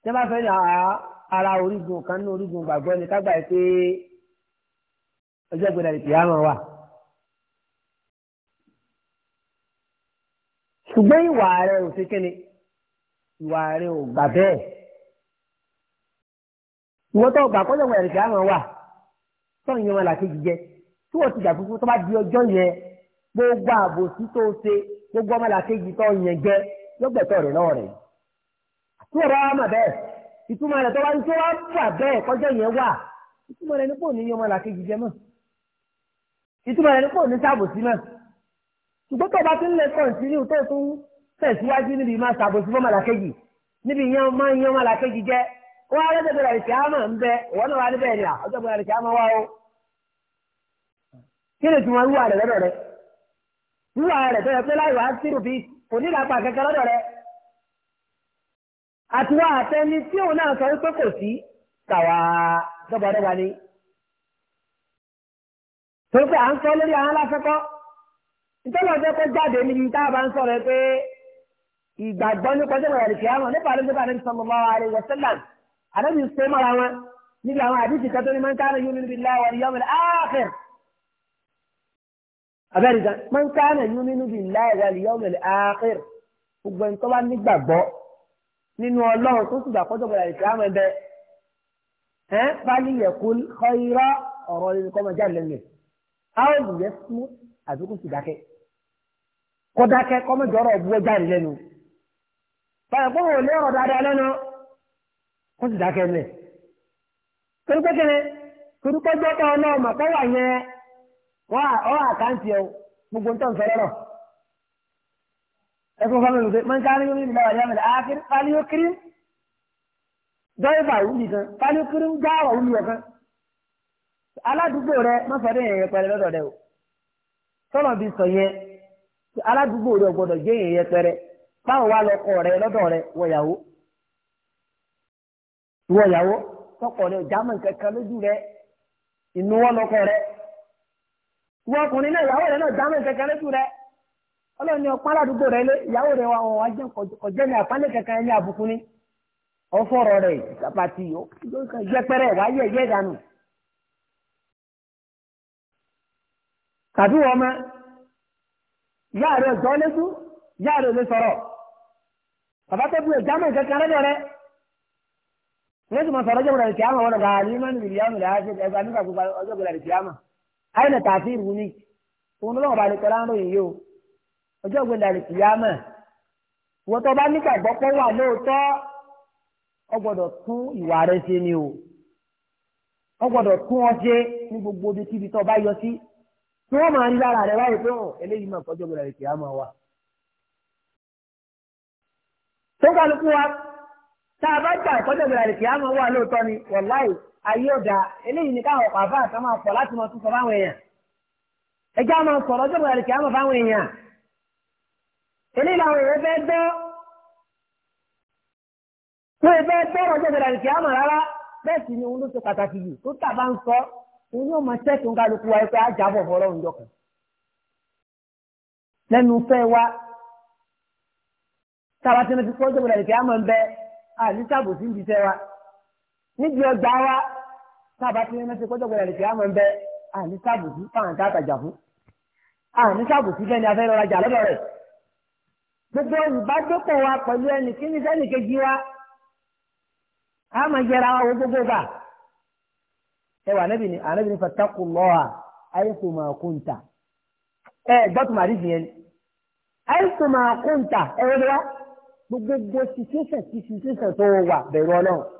tí wọ́n bá fẹ́ ní ara orígun kan ní orígun gbàgbọ́ ni kágbà yìí pé ọjọ́ ọgbẹ́ni àdìsí yá máa wà. ṣùgbọ́n ìwà rẹ̀ ò ṣe kíni ìwà rẹ̀ ò gbà bẹ́ẹ̀ ìwọ́n tó gbà kọjá ọgbẹ́ni àdìsí yá máa wà tó ń yan wọn làkejì jẹ tí wọ́n ti gbà fúnfún tó bá di ọjọ́ yẹn gbogbo àbòsí tó ṣe gbogbo ọmọlàkejì tó yẹn jẹ lọ́gbẹ̀tọ̀ rẹ̀ náà rẹ̀. tí ọ̀rọ̀ wa mà bẹ́ẹ̀ ìtumọ̀ rẹ̀ tó wá ní tí wọ́n fà bẹ́ẹ̀ kọjá yẹn wà ìtumọ̀ rẹ̀ ní kò ní ọmọlàkejì jẹ mọ́ ìtumọ̀ rẹ̀ ní kò ní sábòsí mọ́ ṣùgbọ́n tó bá ti ń lè kọ̀ǹtínú tó tún tẹ̀síwájú níbi máa ṣàbòsí fọ́mọlàkejì níbi yẹn máa ń yẹn ọmọlàkejì jẹ wọ́n á lọ́jọ́ bẹ̀rẹ̀ ìṣẹ́ àmọ́ ń bẹ ìwọ náà wà níbẹ̀ ni à ọjọ́ bẹ̀rẹ̀ ìṣẹ́ àmọ́ wá o kí ni tí wọ́n wà rẹ̀ lọ́dọ̀ rẹ̀ wíwà rẹ̀ tó yẹ pé láì wá sírù bíi kò ní ìlàpá kẹkẹ lọ́dọ̀ rẹ̀ àtiwá àtẹni tí òun náà sọ wípé kò sí tàwa dọ́gbadọ́gba ni torí pé à ń sọ lórí àwọn aláfẹ́kọ́ ìtọ́lọ̀ fẹ́ kó jáde níbi tá a bá ń sọ̀rọ̀ pé ìgbàgbọ́ nípa ọjọ́ ìwà ìfẹ́ àwọn nípa àlejò bá àlejò sọmọ máa sọ mọ́ra àwọn àdìsí kan abẹ́rẹ́dá máa ń káànà yún nínú bíi láìra ìyáwó lẹ́lẹ́ àákìr gbogbo ẹni tó bá nígbàgbọ́ nínú ọlọ́run tó sì gbàgbọ́jọ́ bọ̀dà lè kílámù ẹbẹ ẹ báyìí yẹ̀kú kọ́irọ́ ọ̀rọ̀ nínú kọ́mọ jáde lẹ́nu rẹ̀ àwọn kó dákẹ́ kọ́mọ jọrọ̀ ọ̀bùwọ́ lẹ́nu kó wò sì dákẹ́ lẹ́ torí pé kẹ́lẹ́ torí pé gbọ́dọ̀ ọlọ́run màkọ́ wà yẹn wọ́n ọ̀ àkáǹtì ẹ̀ gbogbo nǹkan sọ̀rọ̀ rọ̀ ẹ̀kọ́ fún mi lùdẹ́ mọ́n kárí yóò nílò àwọn ìyáàmì àákiri dọ́ìbà kan ọ̀kan aládùúgbò rẹ o sọ yẹn aládùúgbò rẹ gbọ́dọ̀ báwo wá lọ rẹ lọ́dọ̀ rẹ wọ̀yàwó wọ̀yàwó rẹ lójú rẹ ìnú wọ́n ọkùnrin náà ìyàwó rẹ̀ náà dámọ̀ ìkẹ̀kẹ́ lójú rẹ̀ ọlọ́run ní ọpá ládùúgbò rẹ̀ lé ìyàwó rẹ̀ wọn wá jẹ́ kọjẹ́ ní àpálẹ̀ kẹ̀kẹ́ ẹni àbùkù ni ọfọ̀rọ̀ rẹ̀ pàtì yẹpẹrẹ wáyé ẹ̀yẹ ìdánù. tàbí wọn mọ ìyá rẹ̀ ọ̀jọ́ lẹ́sùn ìyá rẹ̀ ò lè sọ̀rọ̀ bàbá tó bu ìjámọ̀ ìkẹ̀kẹ́ lọ́dọ̀ rẹ̀ lẹ́sùn mọ̀ sọ̀rọ̀ ọjọ́ àyìnà tààfin ìwú ni òun ló lọ́wọ́ bá lè tọ́lá ń ròyìn yìí o ọjọ́ ìgbéǹda lè tì yá mọ̀ wọ́n tó bá nígbàgbọ́ pé wà lóòótọ́ ọ gbọ́dọ̀ tún ìwà rẹ ṣe ni o ọ gbọ́dọ̀ tún ọ ṣe ní gbogbo ibi tíbi tó bá yọ sí tí wọ́n máa ń lára rẹ báyìí pé eléyìí máa kọjọ́ ìgbéǹda lè tì yá mọ̀ wa. tó kálukú wa tá a bá gbà kọjọ́ ìgbéǹda ayé ọ̀dà eléyìí ní káwọn ọ̀pá àfáà kan máa pọ̀ láti mọ tún sọ fáwọn èèyàn ẹjẹ́ àwọn sọ̀rọ̀ ọjọ́ ìgbà rẹ̀ àmọ̀ fáwọn èèyàn eléyìí làwọn èèyàn fẹ́ gbọ́ wọ́n fẹ́ gbọ́rọ̀ ọjọ́ ìgbà rẹ̀ àmọ̀ rárá bẹ́ẹ̀ sì ni ohun ló ṣe pàtàkì jù tó tàbá ń sọ òun yóò máa ṣẹ́ẹ̀kì ń kálukú wa pé ajábọ̀ fọ́ ọlọ́run jọkàn lẹ́nu fẹ́ wa tábàtí wọn ti kọ́ ọjọ́ ìgbà rẹ̀ àmọ̀ ń bẹ àdìsáàbò sí ibi fẹ́ wa níbi ọgbà wa tábà tí wọ́n ṣe kọjọ́ gbọ́dọ̀ lè fi àmọ́ ń bẹ àní sábùsí fáwọn tá àtàjà fún àní sábùsí fẹ́ni afẹ́ lọ́ra jà lọ́dọ̀ rẹ̀ gbogbo olùbádókò wa pẹ̀lú ẹnì kíní sẹ́nì kejì wa a máa yẹra wa wo gbogbo gbà ẹ wà anábìíní anábìíní fatakù lọ́wà ayéṣu máa kún ta ẹ gbọ́tù màrí fìyẹn ayéṣu máa kún ta ẹ wọ́n wa gbogbo situation ti tó wà bẹ̀rù ọlọ́run.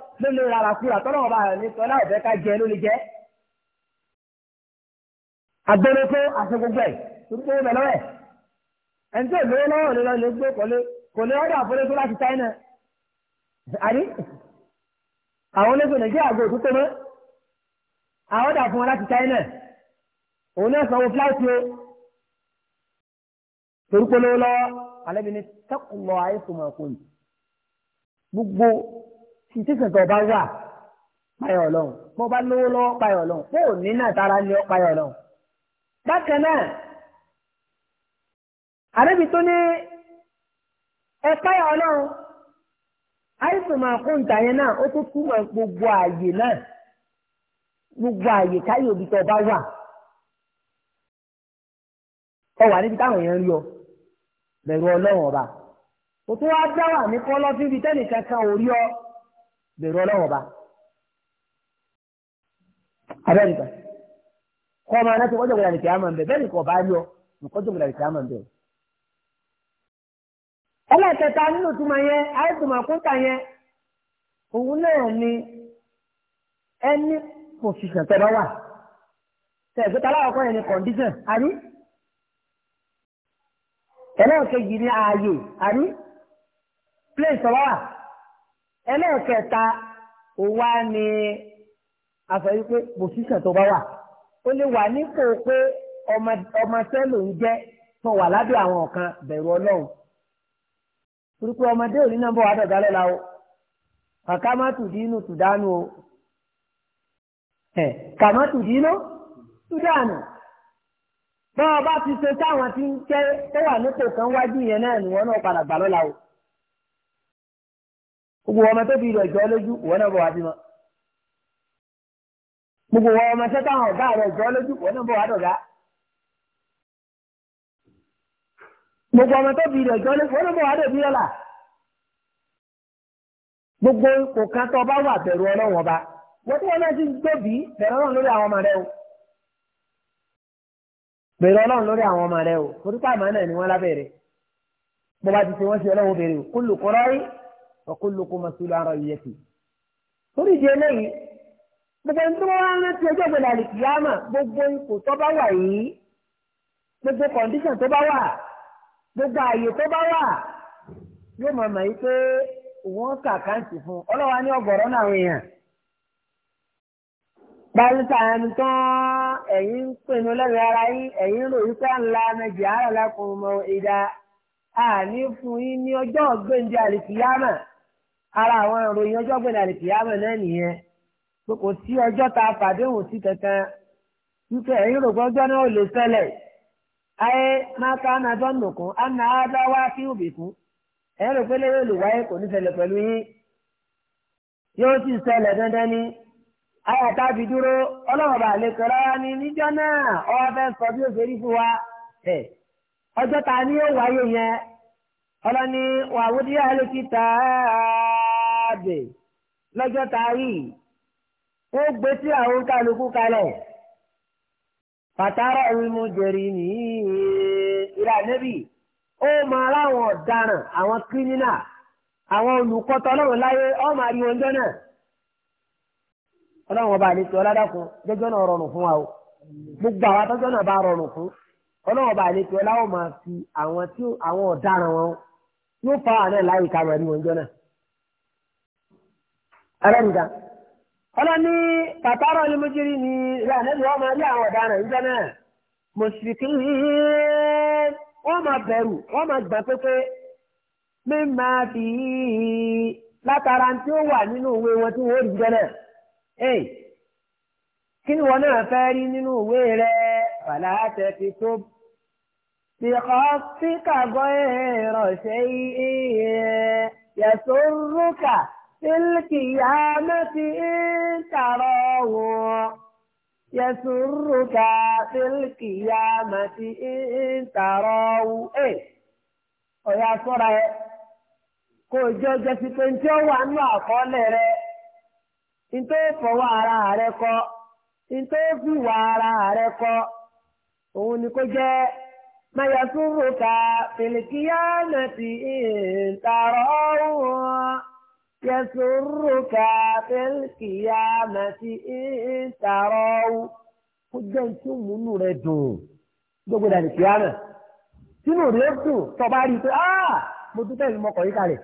lólo rárá kúrò àtọ́lọ́wọ́ bá rẹ̀ ní sọ láì fẹ́ ká jẹ ló lè jẹ́. àgbẹ̀rẹ̀ fún àṣẹ gbogbo ẹ̀ torí pé bẹ̀ lọ́wẹ̀ ẹni tó lówó lọ́wọ́ ló gbé kò kò lè ọ́dà àfọlé tó láti China àní àwọn olóṣèlú Nàìjíríà gbé òtútù mọ́ àwọn ọ̀dà fún wọn láti China òun náà sanwó fúláìtì o torí pé lówó lọ́wọ́ alẹ́ bí ni situation tó bá wà payọ̀ ọlọ́run bó bá lówó lọ́wọ́ payọ̀ ọlọ́run bó ò ní náà tara ni ọ payọ̀ ọlọ́run. bákan náà àrẹ́bí tó ní ẹ payọ̀ ọlọ́run àìsàn máa kó ìta yẹn náà ó tó túmọ̀ gbogbo ààyè náà gbogbo ààyè káyọ̀ òbí tó bá wà ọ wà níbi táwọn èèyàn ń lọ bẹ̀rù ọlọ́run ọba òtún wá dá ní kọ́lọ́fín bíi tẹ́nìkan kan ò rí ọ bẹ̀rù ọlọ́wọ́ ba abẹ́rìkà kọ́ ọmọ anáti wọ́n jọ̀gbọ̀dà nìkẹ́ àmà ń bẹ̀ bẹ́ẹ̀ nìkọ́ bá yọ nìkọ́ jọ̀gbọ̀dà nìkẹ́ àmà ń bẹ̀. ẹlẹ́kẹta nínú tuma yẹn àìsùnmọ̀ kúta yẹn òun náà ni ẹni pòṣìṣàn tẹ́ bá wà tẹ̀síta aláwọ̀kọ́ yẹn ni condition àrí ẹlẹ́kẹjì ni ààyè àrí place wà ẹlẹ́ẹ̀kẹta òwa ni àfẹ́rí pé pòṣíṣàn tó bá wà ó lè wà nípò pé ọmọ sẹ́lò ń jẹ́ tó wà lábẹ́ àwọn kan bẹ̀rù ọlọ́run torí pé ọmọdé òní náà bọ̀ wá dọ̀gá lọ́la o kàkà má tù dínú tù dánú o kà má tù bá ti ṣe táwọn ti ń jẹ́ tó wà nípò kan wájú yẹn náà ni náà padà gbà lọ́la o gbogbo ọmọ tó fi rẹ̀ jọ lójú wọn náà bọ̀ wá bímọ gbogbo ọmọ tó táwọn ọ̀gá rẹ̀ jọ lójú wọn náà bọ̀ wá dọ̀gá gbogbo ọmọ tó fi rẹ̀ jọ lójú wọn náà bọ̀ wá dọ̀bí ọ̀la gbogbo kò kan tó bá wà bẹ̀rù ọlọ́wọ́n ọba wọ́n tí wọ́n náà ti gbòbí bẹ̀rù ọlọ́run lórí àwọn ọmọ rẹ o bẹ̀rù ọlọ́run lórí àwọn ọmọ rẹ o torí náà ni wọ́n lábẹ́rẹ̀ bọ́ba ti ṣe wọ́n ṣe ọlọ́run bẹ̀rẹ̀ o kúlù kọ́rọ́ yìí ọkùnlùkù masúlù ara yìí yẹtì. torí ìdí eléyìí gbogbo ní wọn wá rántí ọjọ́ ìgbàlá àlìkìyàmà gbogbo ipò tó bá wà yìí gbogbo kọ̀ǹdíṣàn tó bá wà gbogbo ààyè tó bá wà yóò mọ̀ mọ̀ yìí pé wọ́n kà káǹtì fún ọlọ́wà ní ọgọ̀rọ̀ náà àwọn èèyàn. Bàlùtà ẹni tán ẹ̀yin ń pinnu lẹ́nu ara yín ẹ̀yin rò wípé ńlá méjì ara lákùnrin mọ ìdá àní fún yín ní ọjọ́ ọ̀gbẹ́ndì àlìkìyàmà. ara àwọn ìròyìn ọjọ́ gbẹ̀dẹ̀ àlìkìyàmọ̀ náà nìyẹn pé kò sí ọjọ́ tá a fàdéhùn sí kankan wípé ẹ̀yin rò ọjọ́ náà ò lè ayé máa ká náà tó nù kún á náà wá sí òbí kún lè yóò wáyé kò ní pẹ̀lú yín yóò sì dandan ni ayé àtàbí dúró lè ni wa ọjọ́ ta àjè lọ́jọ́ taari ó gbé tí àwọn kálukú kalẹ̀ fàtàrà ìmú jèrè nìyí ìlà nẹ́bì ó máa láwọn ọ̀daràn àwọn kírímínà àwọn olùkọ́tọ̀ ọlọ́run láyé ó máa rí oúnjẹ náà ọlọ́run ọba àlejò ọládàkùn jẹ́jọ́ náà rọrùn fún wa o gbogbo àwọn atọ́jọ́ náà bá rọrùn fún ọlọ́run ọba àlejò ọlá ó máa fi àwọn ọ̀daràn wọn yóò fa àná láyé ká máa rí oúnjẹ náà. ala ọlọ́ni ni mo ni lànàbí wọn máa rí àwọn ọ̀daràn níjọ náà mùsùlùmí wọn máa bẹ̀rù wọn máa gbà pépé mi máa fi látara tí ó wà nínú ìwé wọn tí wọn ò rí jọ náà. kí ni wọn náà fẹ rí nínú ìwé rẹ fàlàtẹ̀ fi tó bìkọ́ ṣe القيامة إن تراه يسرك في القيامة إن تراه إيه ọ̀yà sọ́ra ẹ kò jẹ́ ọjọ́ sí pé tí ó wà nínú àkọọ́lẹ̀ rẹ nítorí fọwọ́ ara rẹ kọ nítorí fìwà ara rẹ kọ òun ni kò jẹ́ mayasúrò ká fìlìkìyà náà يسرك في القيامة إن تروا kójá tí ó mú inú rẹ dùn gbogbo ìdàní kìámẹ tínú rẹ dùn tọba rí i pé áà mo tún tẹ̀lé mọkàn yìí kalẹ̀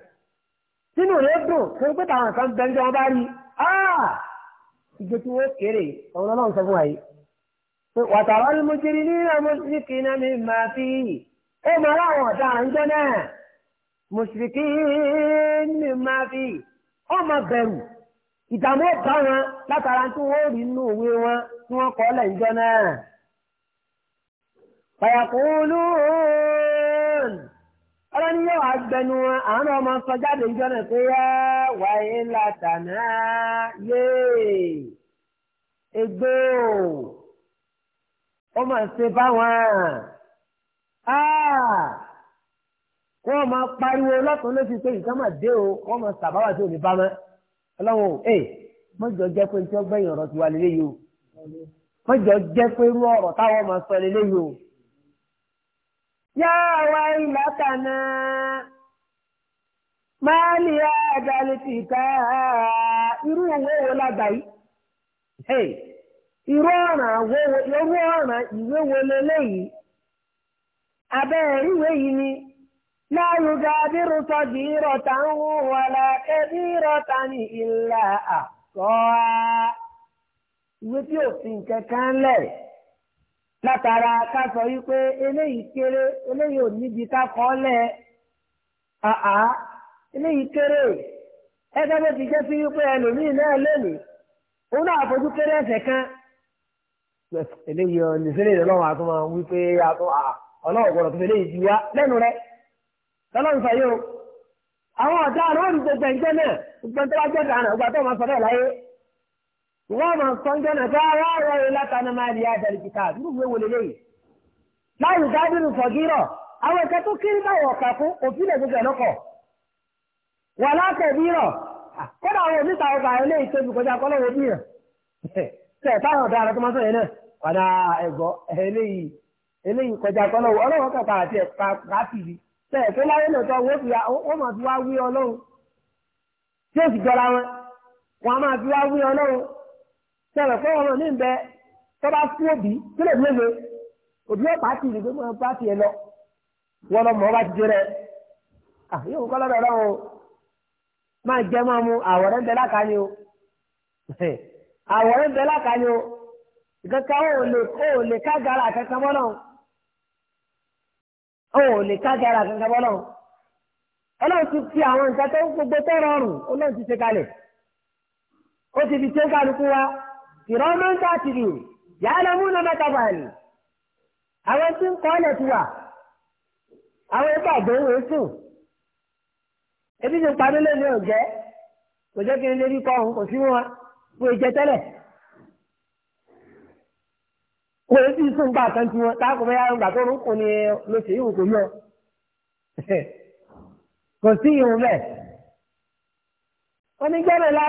tínú rẹ dùn fún pé táwọn kan bẹ níjọba bá rí i áà ìgbé tí wọ́n kéré ọ̀run ọlọ́run sọ fún wa yìí pé wàtàwọn ni mo jẹ́rìí nínú àwọn mọ́síkì náà mi máa fi ó mọ aláwọ̀ ọ̀daràn jọ náà mùsùlùmí ní máa fi ọmọ bẹ̀rù ìdààmú bá wọn látara tí wọ́n rí inú òwe wọn tí wọ́n kọ́ lẹ̀ níjọ́ náà. Fàyàkùnlùún ọ̀rọ̀ ni yóò agbẹnu wọn àwọn ọmọ sọ jáde níjọ́ náà pé yá wáyé látàná yéè egbò ó mà ṣe báwọn wọ́n máa pariwo lọ́tún lójú pé nǹkan máa dé o wọ́n máa sàbáwá tí ò ní bá mọ́ ọlọ́run ẹ eh, mọ́jọ jẹ́ pé tí wọ́n gbẹ̀yìn ọ̀rọ̀ ti wà lélẹ́yìí o mọ́jọ jẹ́ pé irú ọ̀rọ̀ táwọn máa sọ lélẹ́yìí o. yá wa ilà kàná máa lè ra àdàlù tìka irú òwe wo lágbà yìí irú ọ̀ràn ìwé wo lélẹ́yìí abẹ́rẹ́ ìwé yìí ni. لا يجادر صغيرة ولا كبيرة إلا أحصاها ìwé tí ò fi nǹkan kan lẹ̀ látara ká sọ wípé eléyìí kéré eléyìí ò níbi ká kọ́ lẹ̀ àá eléyìí kéré ẹgbẹ́ bó ti jẹ́ sí wípé ẹlòmíì kan lọ́lọ́run sọ yóò àwọn ọ̀dá àwọn olùgbègbè ìjọ náà gbogbo tó wá jẹ́ dáná ọgbà tó máa sọ bẹ́ẹ̀ láyé wọ́n máa sọ ń jẹ́nà tó wá rẹ̀ ẹ́ máa kìkà nínú ìwé lẹ́yìn fọ̀gírọ̀ àwọn tó fún òfin lè gbogbo ẹ̀lọ́kọ̀ wà látẹ̀bírọ̀ kódà àwọn òbí táwọn bàá bẹ́ẹ̀ tó láyé lọ́tọ̀ wọ́n fi wọ́n máa fi wá wí ọlọ́run tí yóò sì jọra wọn wọn máa fi wá wí ọlọ́run sọ̀rọ̀ pé ọmọ bá fún òbí lè òbí yóò ẹ lọ wọn lọ bá ti yóò máa máa mu n'i o o lè ká gara ó lè káàdì gara kankan bọ́ lọ́wọ́ ọlọ́run ti fi àwọn nǹkan tó gbogbo tó rọrùn ọlọ́run ti ṣe kalẹ̀ ó ti fi ṣe kálukú wa ìrọ́mọ́ńtà tìrì yàrá múná mẹ́ta báyìí àwọn tí ń kọ́ ọ́lẹ̀ ti wà àwọn ẹgbẹ́ sùn ebi ti padà lẹ́nu ọ̀jẹ́ kò jẹ́ kí n lè rí kọ́ ọ̀hún kò sí wọ́n yóò sì sún gbà kan tiwọn táàkù bẹ́ẹ̀ àwọn gbà tó ń kún ni ló ṣe ìwò kò yọ kò sí ìwò bẹ́ẹ̀. wọ́n ní sáré ló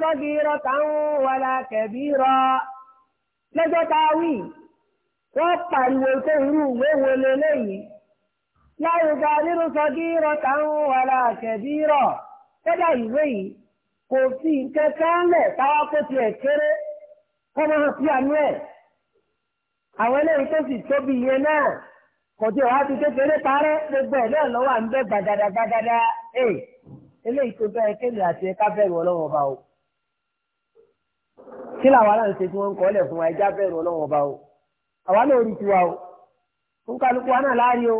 sọ́ di irọ́ táwọn wàlá kẹ̀bí rọ lọ́jọ́ tá wí wọ́n pariwo tó irú ìwé wo leléyìí láyé sáré ló sọ́ di irọ́ táwọn wàlá kẹ̀bí rọ kódà ìwé yìí kò sí kẹ̀kẹ́ ńlẹ̀ táwọn kó tiẹ̀ kéré kọ́mọ́ fi àánú ẹ̀ àwọn eléyìí tó sì tóbi yẹn náà kọjú ọ̀há ti kékeré parẹ́ gbogbo ẹ̀ náà lọ́wọ́ à ń bẹ́ gbàgàdà gbàgàdà ẹ̀ eléyìí tó bẹ́ẹ̀ kéde àti ẹ̀ka bẹ̀rù ọlọ́wọ́ ọba o kí làwọn náà ń ṣe tí wọ́n ń kọ́ lẹ̀ fún wa ẹja bẹ̀rù ọlọ́wọ́ ọba o àwa náà rí tiwa o fún kálukú wa náà láàrin o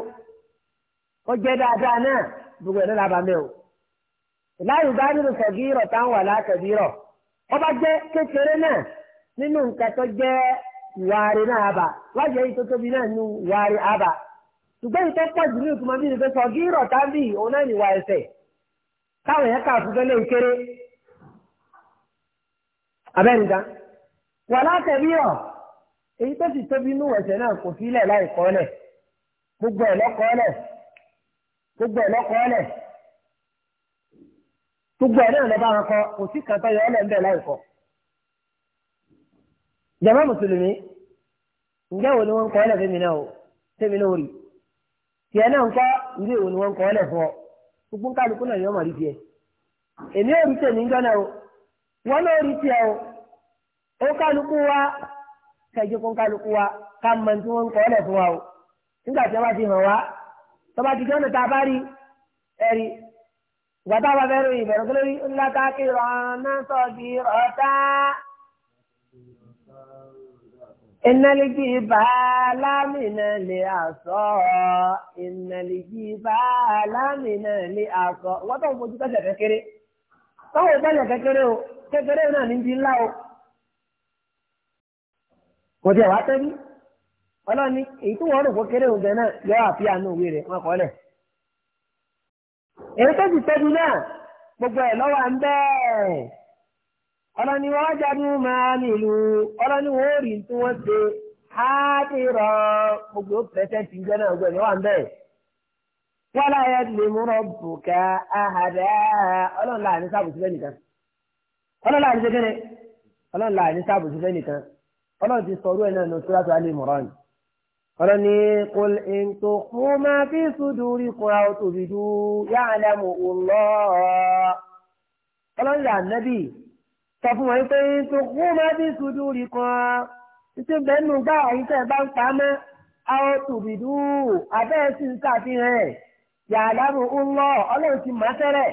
wọ́n jẹ́ dáadáa náà gbogbo ẹ̀ náà lábàámẹ́ o láyé bá nínú sọ̀gírọ̀ táwọn wà látẹ̀gírọ̀ ọba jẹ́ kékeré náà nínú nǹkan tó jẹ́ wàrí náà àbà wájú ẹ̀yìn tó tóbi náà ní wàrí àbà ṣùgbọ́n ìtọ́ pọ̀ jù ní ìtumọ̀ bí ìdíje sọ gírọ̀ tábì òun náà ní ẹsẹ̀ táwọn yẹn kà fẹ́lẹ́ ìkéré abẹ́nìkan wà látẹ̀bí ọ̀ èyí tó sì tóbi ẹsẹ̀ náà kò sílẹ̀ láì kọ́lẹ̀ gbogbo ẹ̀ lọ́kọ́lẹ̀ gbogbo ẹ̀ lọ́kọ́lẹ̀ gbogbo ẹ̀ náà lọ́ bá wọn kọ kò sí kàtọ́ yọ ọ́ jama mùsùlùmí ǹjẹ́ wo ni wọ́n ń kọ́ ọ́lẹ̀ mi náà o sẹ́mi náà rí tiẹ̀ náà ń kọ́ ìlú èwo ni wọ́n ń kọ́ ọ́lẹ̀ fún ọ gbogbo kálukú náà yọ ọmọ rí tiẹ̀ èmi ò rí tèmi jọ́nà o wọ́n náà rí tiẹ̀ o ó kálukú wa kẹjọ kó kálukú wa ká mọ tí wọ́n ń kọ́ ọ́lẹ̀ wa o nígbà tí wọ́n bá ti hàn wá tọ́ba ti jọ́nà tá a bá rí ẹ̀rí gbàtà wà fẹ́ ròyìn ìbẹ̀rù kí lórí ńlá ká kí rọ̀ ọ́n náà sọ̀ ìnàlìjì bá lámìnà lè àsọ ìnàlìjì bá lè wọ́n tó ń fojú tọ́jà kékeré tọ́wọ́ ìtọ́jà kékeré o kékeré náà ní ti ńlá o kò wá tẹ́bí ọlọ́ni èyí wọ́n rò fún kéré oúnjẹ náà yọ òwe rẹ̀ gbogbo ẹ̀ lọ́wọ́ à ọlọ́ ni wọ́n jáde máa nílùú ọlọ́ wọ́n rí tí wọ́n ṣe hádìrọ̀ gbogbo pẹ̀sẹ̀ntì ìjọ náà gbẹ̀rẹ̀ wà bẹ̀. wọ́n láyé lè mú rọ́bù ká àhàdá ọlọ́run láàrin nìkan. ọlọ́run láàrin ṣe kéde ọlọ́run láàrin nìkan ọlọ́run ti ẹ̀ náà alẹ́ ni fi sùdúrí kura sọ fún wọn pé tó kú máa bí sùdú rí kan títí bẹ́ẹ̀nù gbá àyíṣẹ́ bá ń pa mọ́ àwọn tòbìdú abẹ́ẹ̀ sì ń ṣàfihàn ẹ̀ yàrá mu ń lọ ọlọ́run ti máa tẹ́rẹ̀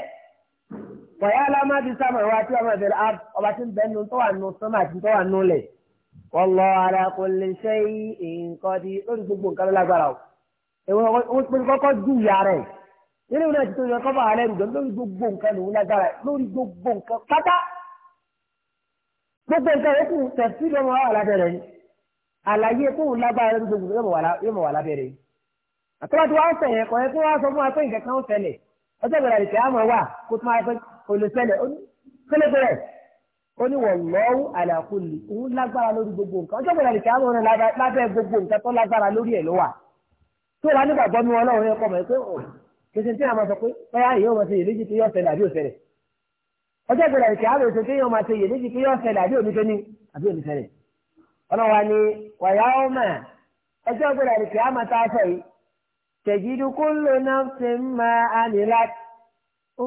wọ̀nyá aláma bí sábà wá tí ọmọ ìbẹ̀rẹ̀ ọba tí ń bẹ́ẹ̀nù tó wà nù sọ́mà àti tó wà nù lẹ̀ wọ́lọ́ ara kò lè ṣe nǹkan di lórí gbogbo nǹkan lágbára o èwo kọ́kọ́ dùn yàrá ẹ̀ nínú náà ti tó yẹ kọ́ gbogbo nǹkan yòókù tẹ̀sí ló mọ̀ wà lábẹ́rẹ́ yìí àlàyé kóhùn lágbára lórí gbogbo yóò mọ̀ wà lábẹ́rẹ́ yìí àtúwájú wa ń sẹ̀ yẹn kọ́ yẹn kí wọ́n á sọ fún wa pé nǹkan kan ń ṣẹlẹ̀ ọjọ́ ìbẹ̀rẹ̀ àdìsẹ́ àmọ́ wà kó tó máa fẹ́ olùsẹ̀lẹ̀ kélébẹ̀rẹ̀ ó ní wallahu ala kulli òun lágbára lórí gbogbo nǹkan ọjọ́ ìbẹ̀rẹ̀ àdìsẹ́ àmọ́ náà lábẹ́ gbogbo nǹkan tó lágbára lórí ẹ̀ ló wà tó o bá nígbàgbọ́ mi wọn náà wọn yẹ kọ́ mọ̀ pé kìsìntì àmọ́ sọ pé báyà yìí ó mọ̀ sí ìlú ọjọ́ ìgbèrè ìkẹ́ àrò ètò tí yóò máa ṣe yèméjì pé yóò ṣẹlẹ̀ àbí òní ṣẹlẹ̀ àbí òní ṣẹlẹ̀ ọlọ́wà ni wàyà ọmọ ọjọ́ ìgbèrè ìkẹ́ àmà tá a sọ yìí tẹ̀jídú kó ń lò náà ṣe ń máa ànílá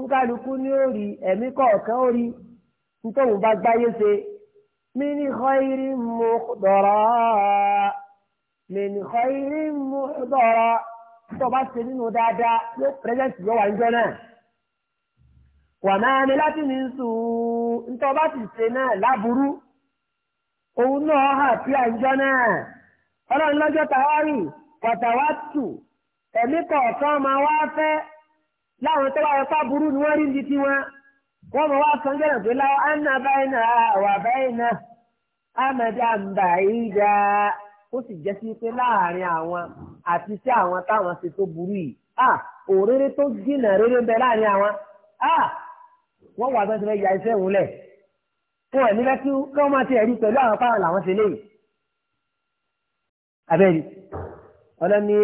nkálukú ní orí ẹ̀mí kọ̀ọ̀kan orí nítorí bá gbáyé ṣe mí ní khayri muhdara mí ní khayri muhdara tó bá ṣe nínú dáadáa yóò pẹ́rẹ́sì wà máa ní láti ní sùn bá ti ṣe náà láburú òun náà hà sí àjọ náà ọlọ́run lọ́jọ́ tàwárì wàtàwá ẹ̀mí kọ̀ọ̀kan máa wá fẹ́ láwọn tó wáyé pa burú ni wọ́n rí ní tiwọn wọ́n mọ̀ wá san jẹ́rẹ̀ pé láwọn anna báyìí àwà báyìí já ó sì jẹ́ sí pé àwọn àti sí àwọn táwọn ṣe tó burú yìí wọ́n wà tó ti fẹ́ ya iṣẹ́ òun lẹ̀ fún ẹ̀ nílẹ̀ kí wọ́n máa ti ẹ̀rí pẹ̀lú àwọn fáwọn làwọn ṣe léyìí. abẹ́rẹ́ ọlọ́ni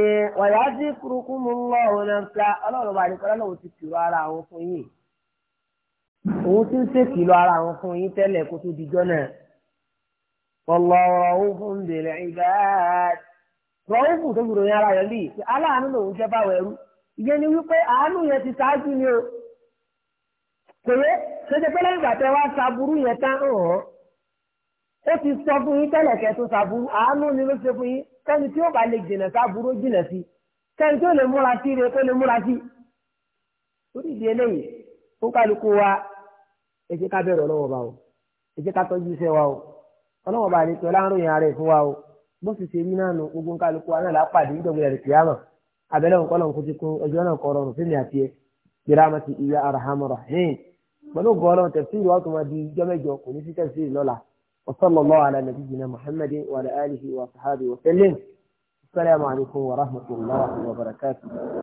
ọ̀yà sí kúrukú mú lọ òun náà ká ọlọ́run bá nìkan ti kìlọ̀ ara àwọn fún yín òun ti ń ṣe kìlọ̀ ara àwọn fún tẹ́lẹ̀ kó tó dijọ́ náà pèé ṣèṣe pé lẹ́yìn ìgbà tẹ wá ṣàbùrú yẹn tán hàn án ó ti sọ fún yín tẹ́lẹ̀ kẹ́ tó ṣàbùrú àánú ni ló ṣe fún yín kẹ́ni tí ó bá lè jìnà ṣàbùrú jìnà sí kẹ́ni tí ó lè múra sí rẹ̀ tó lè múra sí. torí ìdí eléyìí ó kálukú wa ẹ jẹ́ ká bẹ̀rù ọlọ́wọ́ bá o ẹ jẹ́ ká tọ́jú iṣẹ́ wa o ọlọ́wọ́ bá lè tọ́ láńròyìn ara ẹ̀ fún wa o bó sì ṣe rí منو قالوا تفسير واتما دي جمجو ونسي تفسير لولا وصلى الله على نبينا محمد وعلى آله وصحابه وسلم السلام عليكم ورحمة الله وبركاته